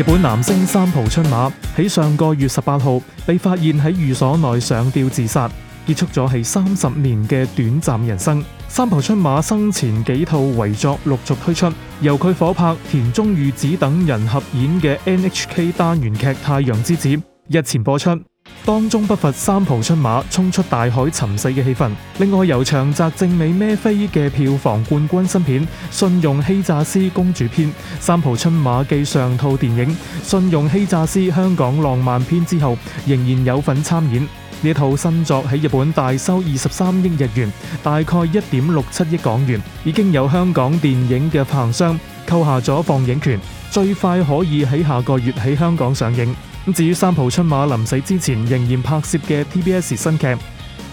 日本男星三浦春馬喺上個月十八號被發現喺寓所內上吊自殺，結束咗系三十年嘅短暫人生。三浦春馬生前幾套遺作陸續推出，由佢夥拍田中裕子等人合演嘅 NHK 單元劇《太陽之子》日前播出。當中不乏三浦春馬衝出大海沉死嘅氣氛。另外，由長澤正美孭飛嘅票房冠軍新片《信用欺詐師公主篇》，三浦春馬繼上套電影《信用欺詐師香港浪漫篇》之後，仍然有份參演。呢套新作喺日本大收二十三億日元，大概一點六七億港元，已經有香港電影嘅發行商購下咗放映權，最快可以喺下個月喺香港上映。至於三浦春馬臨死之前仍然拍攝嘅 TBS 新劇，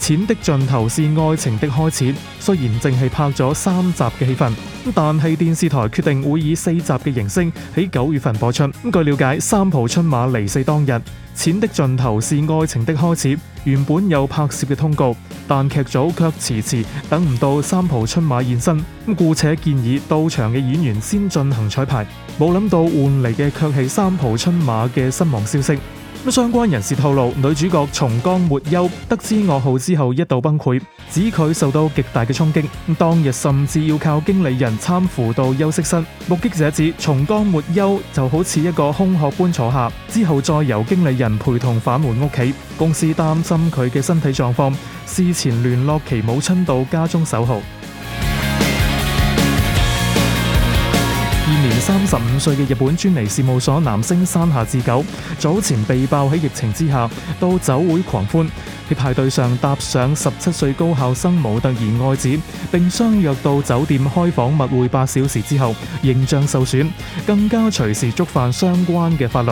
《錢的盡頭是愛情的開始》雖然淨係拍咗三集嘅戲份，但係電視台決定會以四集嘅形式喺九月份播出。咁據了解，三浦春馬離世當日，《錢的盡頭是愛情的開始》原本有拍攝嘅通告，但劇組卻遲遲等唔到三浦春馬現身，故且建議到場嘅演員先進行彩排。冇諗到換嚟嘅卻係三浦春馬嘅身亡消息。相關人士透露，女主角松岡末休得知噩耗之後一度崩潰，指佢受到極大嘅衝擊，當日甚至要靠經理人攙扶到休息室。目擊者指松岡末休就好似一個空殼般坐下，之後再由經理人陪同返回屋企。公司擔心佢嘅身體狀況，事前聯絡其母親到家中守候。二年三十五歲嘅日本專尼事務所男星山下智久早前被爆喺疫情之下到酒會狂歡，喺派對上搭上十七歲高校生模特兒愛子，並相約到酒店開房密會八小時之後，形象受損，更加隨時觸犯相關嘅法律。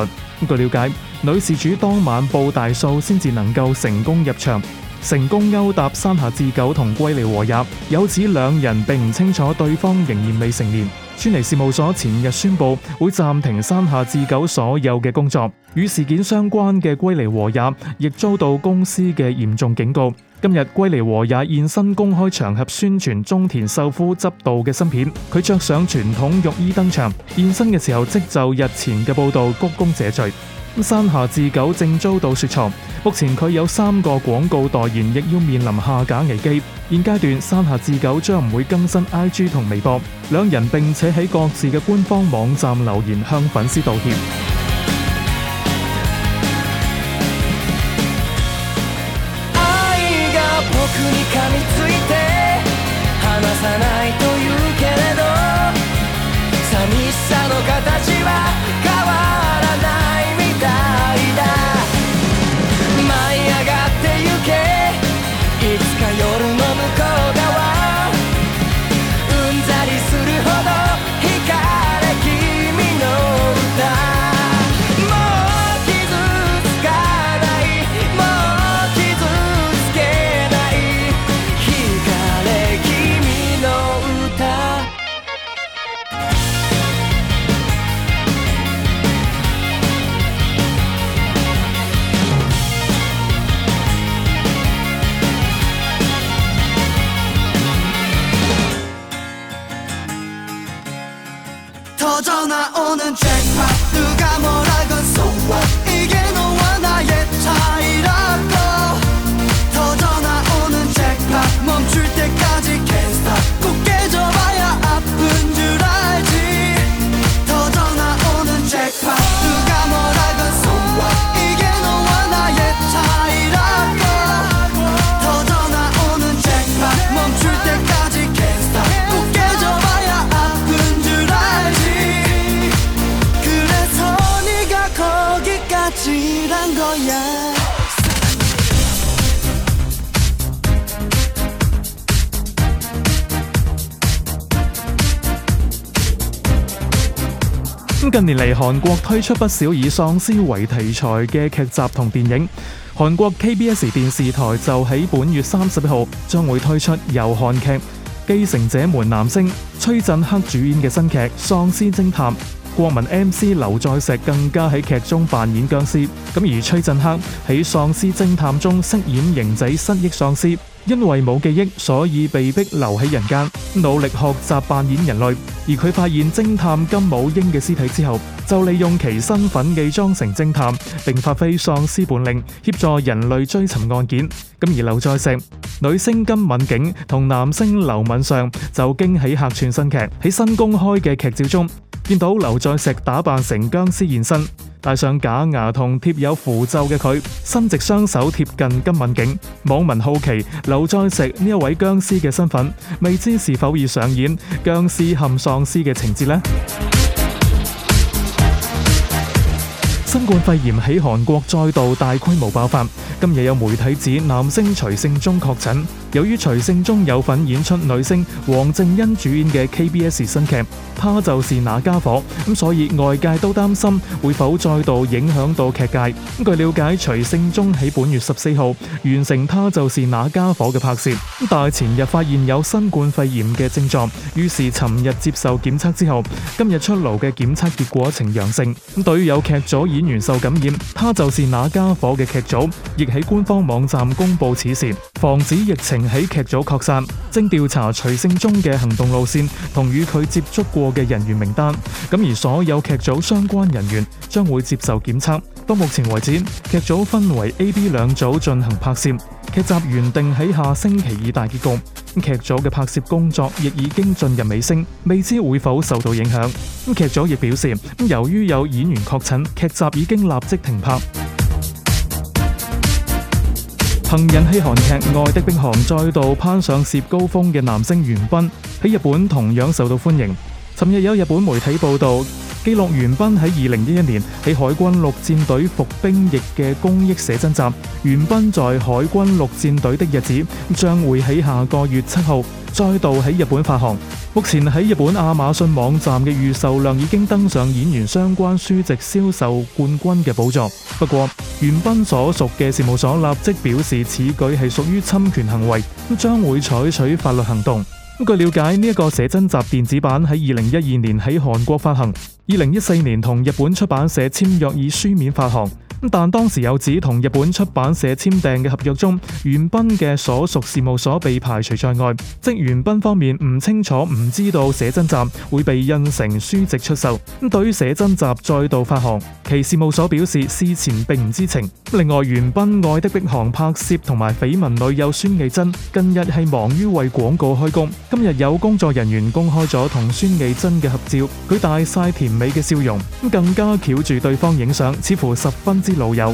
據了解，女事主當晚報大數先至能夠成功入場，成功勾搭山下智久同龜梨和也，有此兩人並唔清楚對方仍然未成年。尊尼事務所前日宣布會暫停山下智久所有嘅工作，與事件相關嘅龜梨和也亦遭到公司嘅嚴重警告。今日龜梨和也現身公開場合宣傳中田秀夫執導嘅新片，佢着上傳統浴衣登場現身嘅時候，即就日前嘅報道鞠躬謝罪。山下智久正遭到雪藏，目前佢有三個廣告代言亦要面臨下架危機，現階段山下智久將唔會更新 IG 同微博，兩人並且喺各自嘅官方網站留言向粉絲道歉。近年嚟，韓國推出不少以喪屍為題材嘅劇集同電影。韓國 KBS 電視台就喺本月三十一號將會推出由韓劇《繼承者們》男星崔振赫主演嘅新劇《喪屍偵探》，國民 MC 劉在石更加喺劇中扮演僵屍，咁而崔振赫喺《喪屍偵探》中飾演型仔失憶喪屍，因為冇記憶，所以被逼留喺人間，努力學習扮演人類。而佢發現偵探金武英嘅屍體之後，就利用其身份偽裝成偵探，並發揮喪屍本領協助人類追尋案件。咁而劉在石、女星金敏景同男星劉敏尚就驚喜客串新劇，喺新公開嘅劇照中見到劉在石打扮成僵屍現身。戴上假牙同貼有符咒嘅佢，伸直雙手貼近金敏景。網民好奇劉在石呢一位僵屍嘅身份，未知是否已上演僵屍冚喪屍嘅情節呢？新冠肺炎喺韓國再度大規模爆發，今日有媒體指男星徐勝忠確診。由於徐聖中有份演出女星黃正音主演嘅 KBS 新劇，他就是那傢伙，咁所以外界都擔心會否再度影響到劇界。咁據瞭解，徐聖中喺本月十四號完成《他就是那傢伙》嘅拍攝，但係前日發現有新冠肺炎嘅症狀，於是尋日接受檢測之後，今日出爐嘅檢測結果呈陽性。咁對於有劇組演員受感染，《他就是那傢伙》嘅劇組亦喺官方網站公布此事，防止疫情。喺劇組擴散，正調查徐升中嘅行動路線同與佢接觸過嘅人員名單。咁而所有劇組相關人員將會接受檢測。到目前為止，劇組分為 A、B 兩組進行拍攝。劇集原定喺下星期二大結局，咁劇組嘅拍攝工作亦已經進入尾聲，未知會否受到影響。咁劇組亦表示，由於有演員確診，劇集已經立即停拍。憑引起韓劇《愛的迫降》再度攀上涉高峰嘅男星玄彬，喺日本同樣受到歡迎。尋日有日本媒體報導。記錄元彬喺二零一一年喺海軍陸戰隊服兵役嘅公益寫真集《元彬在海軍陸戰隊的日子》將會喺下個月七號再度喺日本發行。目前喺日本亞馬遜網站嘅預售量已經登上演員相關書籍銷售冠軍嘅寶座。不過，元彬所屬嘅事務所立即表示此舉係屬於侵權行為，咁將會採取法律行動。據了解，呢、這、一個寫真集電子版喺二零一二年喺韓國發行，二零一四年同日本出版社簽約以書面發行。但當時有指同日本出版社簽訂嘅合約中，玄彬嘅所屬事務所被排除在外，即玄彬方面唔清楚、唔知道寫真集會被印成書籍出售。咁對於寫真集再度發行，其事務所表示事前並唔知情。另外，玄彬愛的迫降拍攝同埋緋聞女友孫藝珍，近日係忙於為廣告開工。今日有工作人員公開咗同孫藝珍嘅合照，佢大晒甜美嘅笑容，更加翹住對方影相，似乎十分之老友。